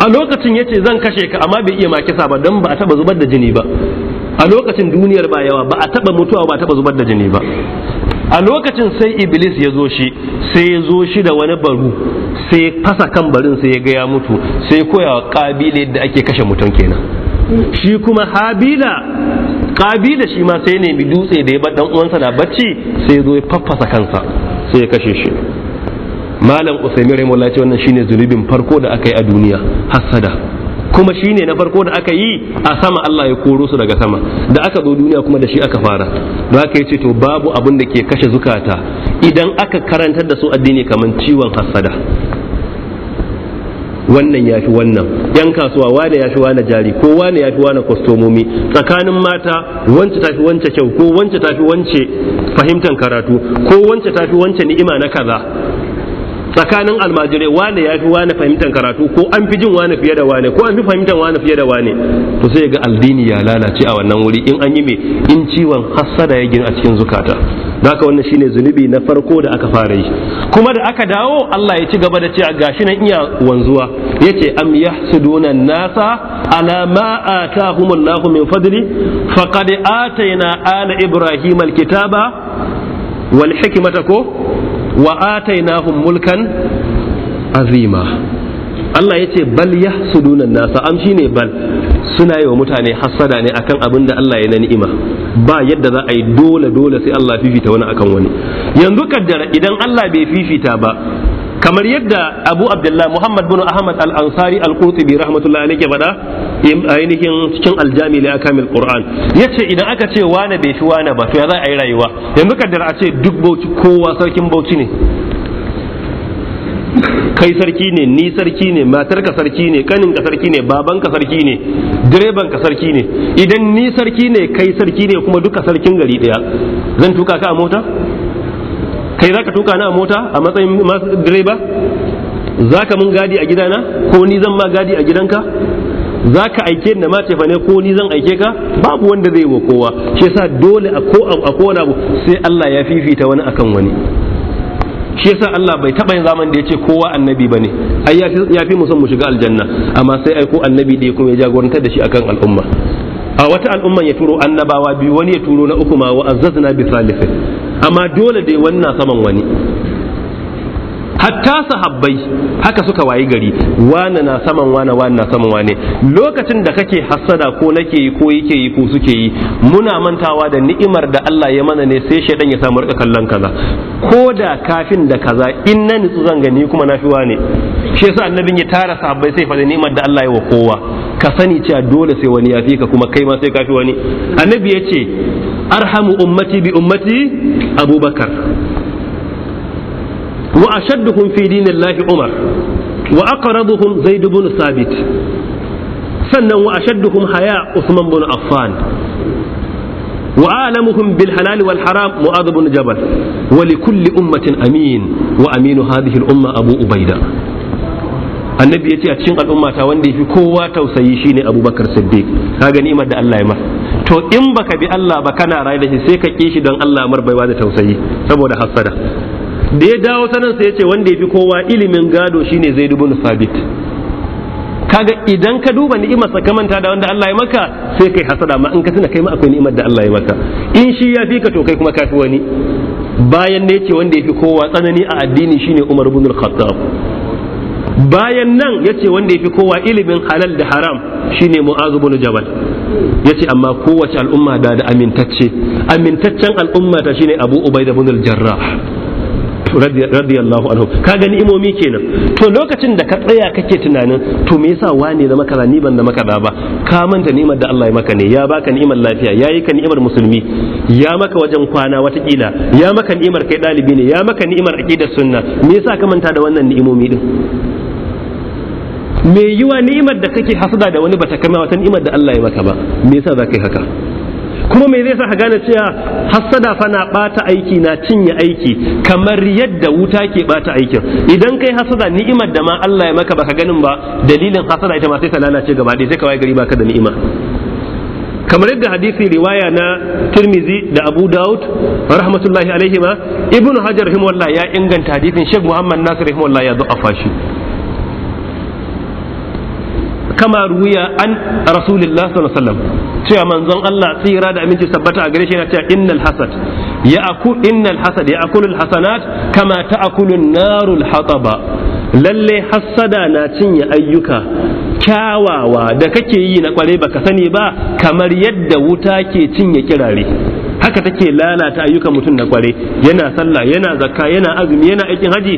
a lokacin yace zan kashe ka amma bai iya ma kisa ba dan ba a taba zubar da jini ba a lokacin duniyar ba yawa ba a taba mutuwa ba a taba zubar da jini ba a lokacin sai iblis ya zo shi sai ya zo shi da wani baru sai fasa kan barin sai ya ga ya mutu sai koya wa kabila yadda ake kashe mutum kenan shi kuma habila kabila shi ma sai nemi dutse da ya bar dan uwansa na bacci sai ya zo ya faffasa kansa sai ya kashe shi malam usaimi rahimullahi wannan shine zunubin farko da aka yi a duniya hassada kuma shine na farko da aka yi a sama Allah ya koro su daga sama da aka zo duniya kuma da shi aka fara da aka yace to babu abin da ke kashe zukata idan aka karantar da su addini kamar ciwon hassada wannan ya fi wannan yan kasuwa wane ya fi wane jari ko wane ya fi wane kwastomomi tsakanin mata wance ta fi wance kyau ko wance ta fi wance fahimtar karatu ko wance ta fi wance ni'ima na kaza tsakanin almajirai wane ya fi wane fahimtar karatu ko an fi jin wane fiye da wane ko an fi fahimtar wane fiye da wane to sai ga aldini ya lalace a wannan wuri in an yi mai in ciwon hassada ya gina a cikin zukata haka wannan shine zunubi na farko da aka fara yi kuma da aka dawo Allah ya ci gaba da cewa gashi nan iya wanzuwa yace am yahsuduna nasa ala ma atahumullahu min fadli faqad atayna ala ibrahim alkitaba wal hikmata ko wa atainahum mulkan azima Allah ya ce bal ya sudunan nasa am shi ne bal suna yi wa mutane hassada ne akan abin da Allah ya na ni'ima ba yadda za a yi dole dole sai Allah fifita wani akan wani yanzu kaddara idan Allah bai fifita ba kamar yadda abu abdullah muhammad bin ahmad al-ansari al-qurtubi rahmatullahi alayhi bada ainihin cikin aljami la kamil qur'an yace idan aka ce wane bai fi wane ba to ya za a yi rayuwa yanzu kaddara a ce duk bauchi kowa sarkin bauchi ne kai sarki ne ni sarki ne matar ka sarki ne kanin ka sarki ne baban ka sarki ne direban ka sarki ne idan ni sarki ne kai sarki ne kuma duka sarkin gari daya zan tuka ka a mota kai ka tuka na a mota a matsayin direba Za ka mun gadi a gidana ko ni zan ma gadi a gidanka za ka aike na ma tefa ne ko ni zan aike ka babu wanda zai wa kowa shi yasa dole a ko a abu sai Allah ya fifita wani akan wani shi yasa Allah bai taba yin zaman da ya yace kowa annabi ba ne? ai ya fi mu son mu shiga aljanna amma sai aiko annabi da kuma ya jagorantar da shi akan al'umma a wata al'umman ya turo annabawa biyu wani ya turo na uku ma wa azzazna bi salifin amma dole dai wannan saman wani hatta sahabbai haka suka wayi gari wane na saman wane wane na saman wane lokacin da kake hassada ko nake yi ko yake yi ko suke yi muna mantawa da ni'imar da Allah ya mana ne sai shaidan ya samu rika kallon kaza ko da kafin da kaza in na nitsu zan gani kuma na fi wane shi yasa annabin ya tara sahabbai sai faɗi ni'imar da Allah ya wa kowa ka sani cewa dole sai wani ya fi ka kuma kai ma sai ka fi wani annabi ya ce arhamu ummati bi ummati abubakar wa ashadduhum fi dinillahi umar wa aqrabuhum zaid ibn sabit sannan wa haya usman ibn affan وعالمهم بالحلال والحرام معاذ بن جبل ولكل أمة أمين وأمين هذه الأمة أبو أبيدة annabi ya ce a cikin al'ummata wanda ya fi kowa tausayi shi ne abubakar siddiq ka gani da Allah ya to in baka bi Allah ba kana rai da shi sai ka kishi don Allah marbaiwa da tausayi saboda hasada da ya dawo sanan sai ya ce wanda ya fi kowa ilimin gado shine zai dubu sabit kaga idan ka duba ni'imar ka manta da wanda Allah ya maka sai kai hasada ma in ka tuna kai ma akwai ni'imar da Allah ya maka in shi ya fi ka to kai kuma ka fi wani bayan ne ce wanda ya fi kowa tsanani a addini shine Umar ibn al-Khattab bayan nan ya ce wanda ya fi kowa ilimin halal da haram shine Mu'az ibn Jabal yace amma kowace al'umma da da amintacce amintaccen al'umma ta shine Abu Ubaida ibn al-Jarrah radiyallahu anhu ka gani imomi kenan to lokacin da ka tsaya kake tunanin to me yasa wane zama kaza ni ban maka da ba ka manta ni'imar da Allah ya maka ne ya baka ni'imar lafiya ya yi ka ni'imar musulmi ya maka wajen kwana wata kila ya maka ni'imar kai dalibi ne ya maka ni'imar aqidar sunna me yasa ka manta da wannan ni'imomi din me yiwa ni'imar da kake hasada da wani bata kama wata ni'imar da Allah ya maka ba me yasa za haka kuma me zai sa ka gane cewa hassada fa na bata aiki na cinye aiki kamar yadda wuta ke bata aiki idan kai hassada ni'imar da ma Allah ya maka baka ganin ba dalilin hassada ita ma sai ta lalace gaba dai sai ka waye gari baka da ni'ima kamar yadda hadisi riwaya na tirmizi da abu daud rahmatullahi alaihi ma ibnu hajar rahimahullah ya inganta hadisin sheikh muhammad nasir rahimahullah ya a shi kama ruwiya an rasulillah sallallahu alaihi wasallam cewa manzon Allah tsira da aminci sabbata a gare shi yana cewa innal hasad ya aku innal hasad ya akulul hasanat kama ta'kulun narul hataba lalle hassada na cinye ayyuka kyawawa da kake yi na kware baka sani ba kamar yadda wuta ke cinye kirare haka take lalata ayyukan mutum na kware yana sallah yana zakka yana azumi yana aikin haji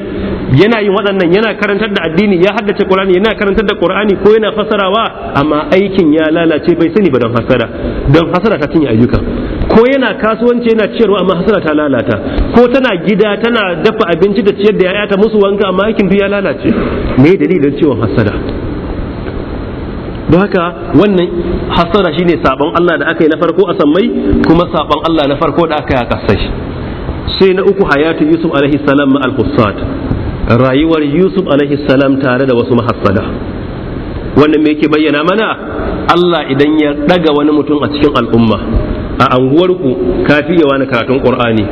yana yin waɗannan yana karantar da addini ya haddace qur'ani yana karantar da qur'ani ko yana fasarawa amma aikin ya lalace bai sani ba don hasara don hasara ta cinye ayyuka ko yana kasuwanci yana ciyarwa amma hasara ta lalata ko tana gida tana dafa abinci da ciyar da 'ya'ya ta musu wanka amma aikin duk ya lalace me dalilin ciwon hasara don haka wannan hasara shine sabon Allah da aka yi na farko a sammai kuma sabon Allah na farko da aka yi a kasai sai na uku hayatu Yusuf alaihi salam ma al qusat rayuwar Yusuf alaihi salam tare da wasu mahassada wannan me yake bayyana mana Allah idan ya daga wani mutum a cikin al'umma a anguwarku ka fiye wani karatun qur'ani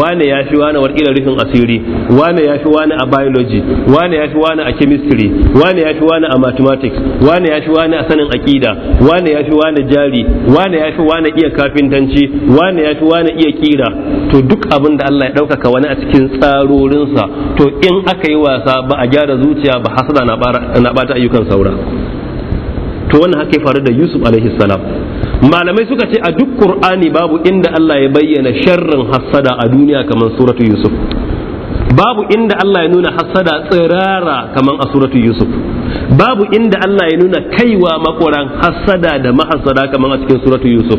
wane ya fi wani warƙila rufin asiri wane ya fi wani a biology wane ya fi wani a chemistry wane ya fi wani a mathematics wane ya fi wani a sanin aƙida wane ya fi wani jari wani ya fi wani iya kafintanci wani ya fi wani iya kira to duk abin da Allah ya ɗaukaka wani a cikin tsarorinsa to in aka yi wasa ba a gyara zuciya ba hasada na bata ayyukan saura to wannan haka ya faru da Yusuf alaihi salam malamai suka ce a duk qur'ani babu inda Allah ya bayyana sharrin hassada a duniya kamar suratu yusuf babu inda Allah ya nuna hassada tsirara kamar a suratu yusuf babu inda Allah ya nuna kaiwa makoran hassada da mahassada kamar a cikin suratu yusuf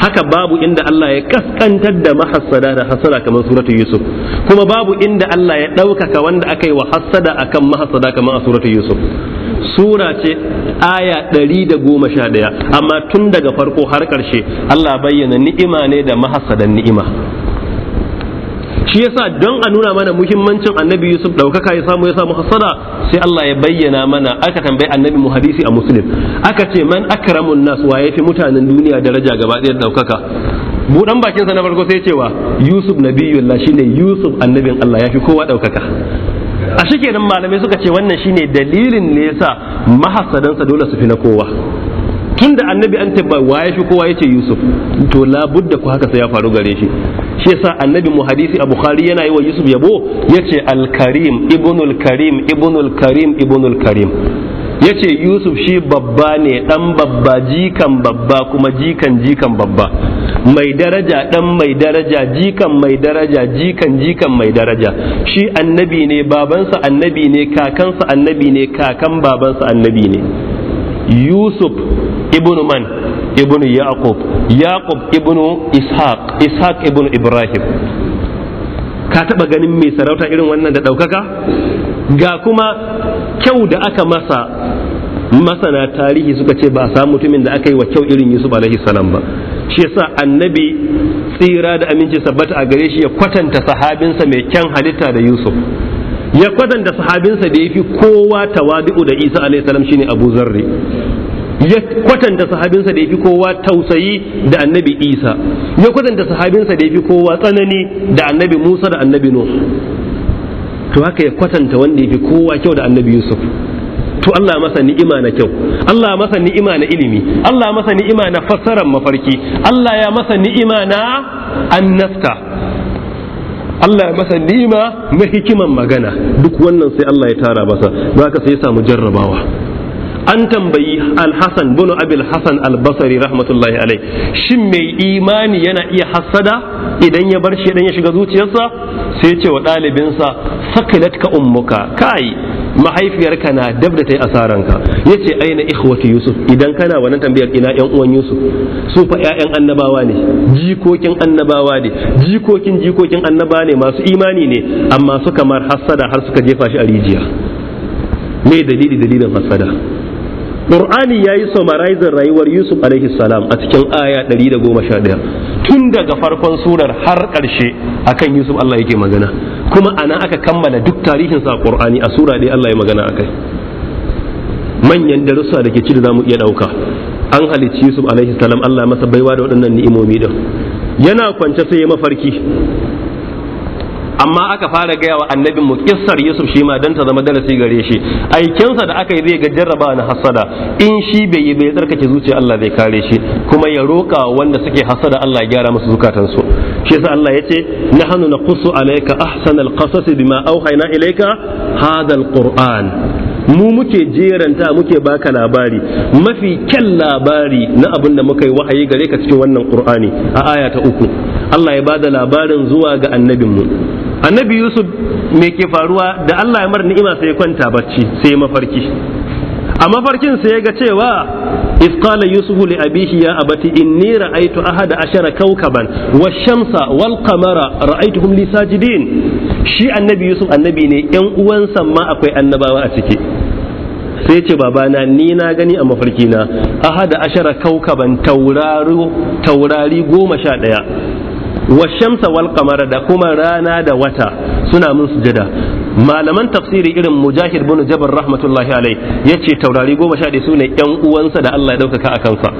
haka babu inda Allah ya kaskantar da mahassada da hassada kamar suratu yusuf kuma babu inda Allah ya ɗaukaka wanda aka yi wa hassada akan mahassada kamar a suratu yusuf sura ce aya ɗari da goma sha ɗaya amma tun daga farko har ƙarshe Allah bayyana ni'ima ne da mahasadan ni'ima shi yasa don a nuna mana muhimmancin annabi yusuf ɗaukaka ya samu ya samu hasada sai Allah ya bayyana mana aka tambayi annabi mu hadisi a muslim aka ce man akramun nas wa yafi mutanen duniya daraja gaba ɗaya ɗaukaka buɗan bakinsa na farko sai cewa yusuf nabiyullah shine yusuf annabin Allah yafi kowa ɗaukaka a shi kenan malamai suka ce wannan shine dalilin ne sa mahasadansa dole su fi na kowa tun da annabi an tabba waye shi kowa ya ce yusuf to labudda ku haka sai ya faru gare shi shi yasa annabi mu hadisi a bukhari yana yi wa yusuf yabo yace ce alkarim ibnul karim ibnul karim ibnul karim yace yusuf shi babba ne dan babba jikan babba kuma jikan jikan babba mai daraja dan mai daraja jikan mai daraja jikan jikan mai daraja shi annabi ne babansa annabi ne kakansa annabi ne kakan babansa annabi ne yusuf ibn man ibn yaqub yaqub ibnu ishaq ishaq ibn ibrahim ka taba ganin mai sarauta irin wannan da ɗaukaka ga kuma kyau da aka masa masana tarihi suka ce ba a samu mutumin da aka yi wa kyau irin yusuf alaihi salam ba shi yasa annabi tsira da aminci sabbata a gare shi ya kwatanta sahabinsa mai kyan halitta da yusuf ya kwatanta sahabinsa da ya kowa tawadu da isa alaihi salam shine abu zarri ya kwatanta sahabinsa da ya kowa tausayi da annabi isa ya kwatanta sahabinsa da ya kowa tsanani da annabi musa da annabi nuh to haka ya kwatanta wanda yafi kowa kyau da annabi yusuf to Allah masa ni'ima na kyau Allah masa ni'ima na ilimi Allah masa ni'ima na fassarar mafarki Allah ya masa ni'ima na annafta Allah ya masa ni'ima na hikiman magana duk wannan sai Allah ya tara masa ba ka sai ya samu jarrabawa an tambayi Alhassan hasan bin abil hasan al-basri rahmatullahi alai shin mai imani yana iya hasada idan ya bar shi dan ya shiga zuciyarsa sai ya ce wa ɗalibinsa sakilat ka ummuka kai mahaifiyarka na dab da ta yi asaranka ya ce aina ikhwati yusuf idan kana wannan tambayar ina yan uwan yusuf su fa ƴaƴan annabawa ne jikokin annabawa ne jikokin jikokin annaba ne masu imani ne amma suka mar hasada har suka jefa shi a rijiya me dalili dalilin hasada Qur'ani ya yi summarizing rayuwar Yusuf alaihi salam a cikin aya 111 tun daga farkon surar har ƙarshe akan Yusuf Allah yake magana kuma ana aka kammala duk tarihin sa ƙur'ani a sura ɗaya Allah ya magana akai manyan darussa da ke ci da mu iya ɗauka an halicci Yusuf alaihi salam Allah masa baiwa da waɗannan ni'imomi da. yana kwance sai ya mafarki amma aka fara gaya wa annabin mu kissar Yusuf shi ma dan ta zama darasi gare shi aikinsa da aka yi zai ga jarraba na hasada in shi bai yi bai tsarkake zuciya Allah zai kare shi kuma ya roka wanda suke hasada Allah ya gyara musu su shi yasa Allah yace nahnu naqussu alayka ahsanal qasas bima awhayna ilayka hadha alquran mu muke jeranta muke baka labari mafi kyan labari na abin da muka yi wahayi gare ka cikin wannan qur'ani a aya uku Allah ya bada labarin zuwa ga annabinmu annabi yusuf me ke faruwa da allah ya mar ni'ima sai ya kwanta bacci sai mafarki a mafarkin sai ya ga cewa iskala qala yusuf li abihi ya abati inni ra'aytu ahada ashara kawkaban wash-shamsa wal qamara ra'aytuhum li sajidin shi annabi yusuf annabi ne yan uwansa ma akwai annabawa a ciki sai ce babana ni na gani a mafarki na ahada ashara kawkaban taurari goma sha ɗaya wa shamsa wal qamara da kuma rana da wata suna mun sujada malaman tafsiri irin mujahid bin jabal rahmatullahi alai yace taurari goma sha su ne yan uwansa da Allah ya daukaka a kansa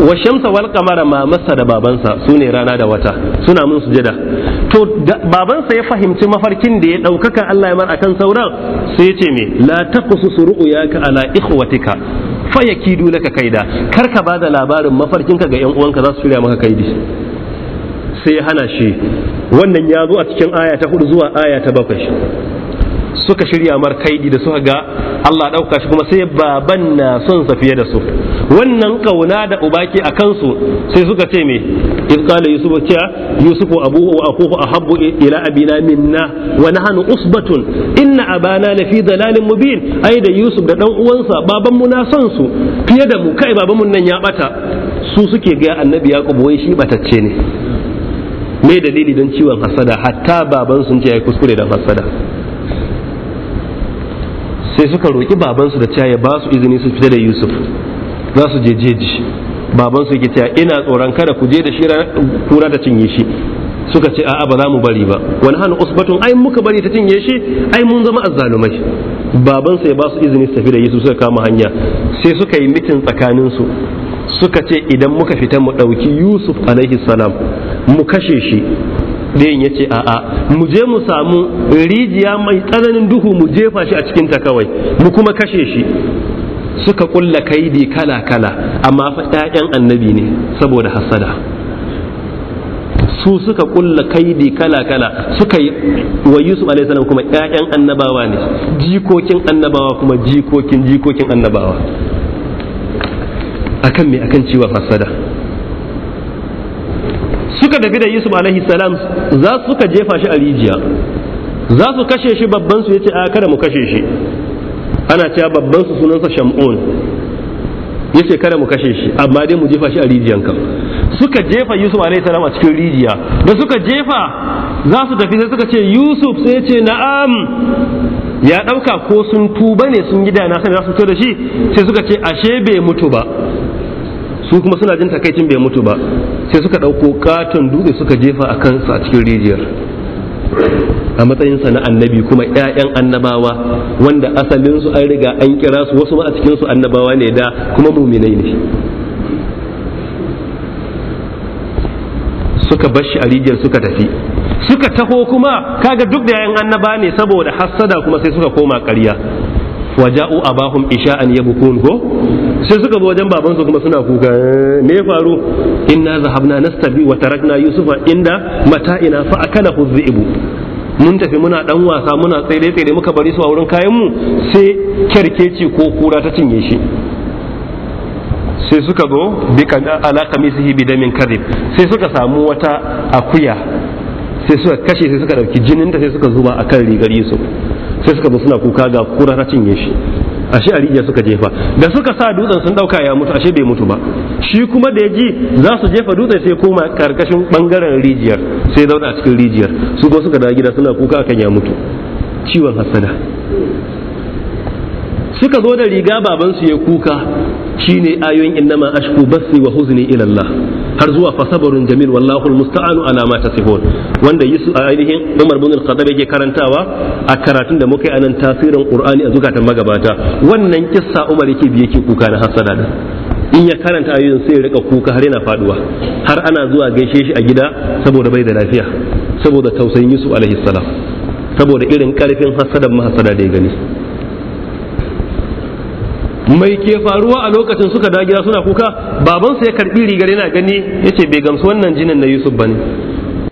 wa shamsa wal qamara ma masa da babansa sune rana da wata suna mun sujada to babansa ya fahimci mafarkin da ya daukaka Allah ya mar akan sauran sai yace ce me la taqsusu ru'yaka ala ikhwatika fa yakidu laka kaida kar ka bada labarin mafarkin ka ga yan uwanka za su shirya maka kaidi sai ya hana shi wannan ya zo a cikin aya ta hudu zuwa aya ta bakwai suka shirya mar kaidi da suka ga Allah ɗauka shi kuma sai baban na son sa fiye da su wannan kauna da uba ke a kansu sai suka ce me in qala yusuf ce yusuf wa wa akuhu ahabbu ila abina minna wa nahnu usbatun inna abana la fi dalalin mubin ai da yusuf da dan uwansa baban mu na son su fiye da mu kai baban mu nan ya bata su suke ga annabi yaqub wai shi batacce ne me dalili don ciwon hasada hatta baban sun ce ya kuskure da hasada sai suka roƙi babansu da cewa ya ba su izini su fita da yusuf za su je jeji babansu yake cewa ina tsoron kada ku je da shi kura da cinye shi suka ce a'a ba za mu bari ba wani hannu usbatun ai muka bari ta cinye shi ai mun zama azzalumai Babansu ya ba su izini su tafi da yusuf suka kama hanya sai suka yi mitin tsakaninsu suka ce idan muka fita mu ɗauki yusuf alaihi salam mu kashe shi ɗayan ya ce a'a mu je mu samu rijiya mai tsananin duhu mu jefa shi a cikinta kawai mu kuma kashe shi suka kulla kaidi kala kala amma fa ƴaƴan annabi ne saboda hasada su suka kulla kaidi kala kala suka yi wa Yusuf alaihi salam kuma ƴaƴan annabawa ne jikokin annabawa kuma jikokin jikokin annabawa akan me akan ciwa hasada suka tafi da yusuf alaihi salam za su suka jefa shi a rijiya za su kashe shi babban su yace a kada mu kashe shi ana cewa babban su sunansa shamun yace kada mu kashe shi amma dai mu jefa shi a rijiyan kan suka jefa yusuf alaihi salam a cikin rijiya da suka jefa za su tafi sai suka ce yusuf sai ce na'am ya ɗauka ko sun tuba ne sun yi na sani za su fito da shi sai suka ce ashe bai mutu ba su kuma suna jin takaicin bai mutu ba sai suka ɗauko katon dutse suka jefa a kansa a cikin rijiyar a matsayinsa na annabi kuma 'ya'yan annabawa wanda asalinsu an riga an kira su wasu ma a cikinsu annabawa ne da kuma muminai ne suka bar shi a rijiyar suka tafi suka taho kuma kaga duk da 'ya'yan annaba ne saboda hassada kuma sai suka koma ƙarya waja'u abahum isha'an yabkun ko sai suka zo wajen babansu kuma suna kuka eh, me ya faru inna zahabna nastabi wa tarakna yusufa inda mata'ina fa akalahu dhi'bu mun tafi muna dan wasa muna tsere tsere muka bari su a wurin kayan mu sai kerkeci ko kura ta cinye shi sai suka zo bi ala kamisihi bi damin kadhib sai suka samu wata akuya sai suka kashe sai suka dauki jinin ta sai suka zuba akan rigar Yusuf sai suka zo suna kuka ga kura ta cinye shi ashe a rijiya suka jefa da suka sa dutsen sun dauka ya mutu ashe bai mutu ba shi kuma da ya ji za su jefa dutsen sai koma karkashin bangaren rijiyar sai zauna a cikin rijiyar su kuma suka dawo gida suna kuka akan ya mutu ciwon hasada suka zo da riga babansu ya kuka shine ayoyin innama ashku basri wa huzni ila Allah har zuwa fasabarun jamil wallahu almusta'anu ala ma tasifun wanda yusu ainihin Umar bin al-Khattab yake karantawa a karatun da muka yi anan tasirin Qur'ani a zukatan magabata wannan kissa Umar yake bi yake kuka na hasada da in ya karanta ayoyin sai ya rika kuka har yana faduwa har ana zuwa gaishe shi a gida saboda bai da lafiya saboda tausayin Yusuf alaihi salam saboda irin karfin hasadan mahasada da ya gani mai ke faruwa a lokacin suka da gida suna kuka babansa ya karbi rigar yana gani yace bai gamsu wannan jinin na Yusuf bane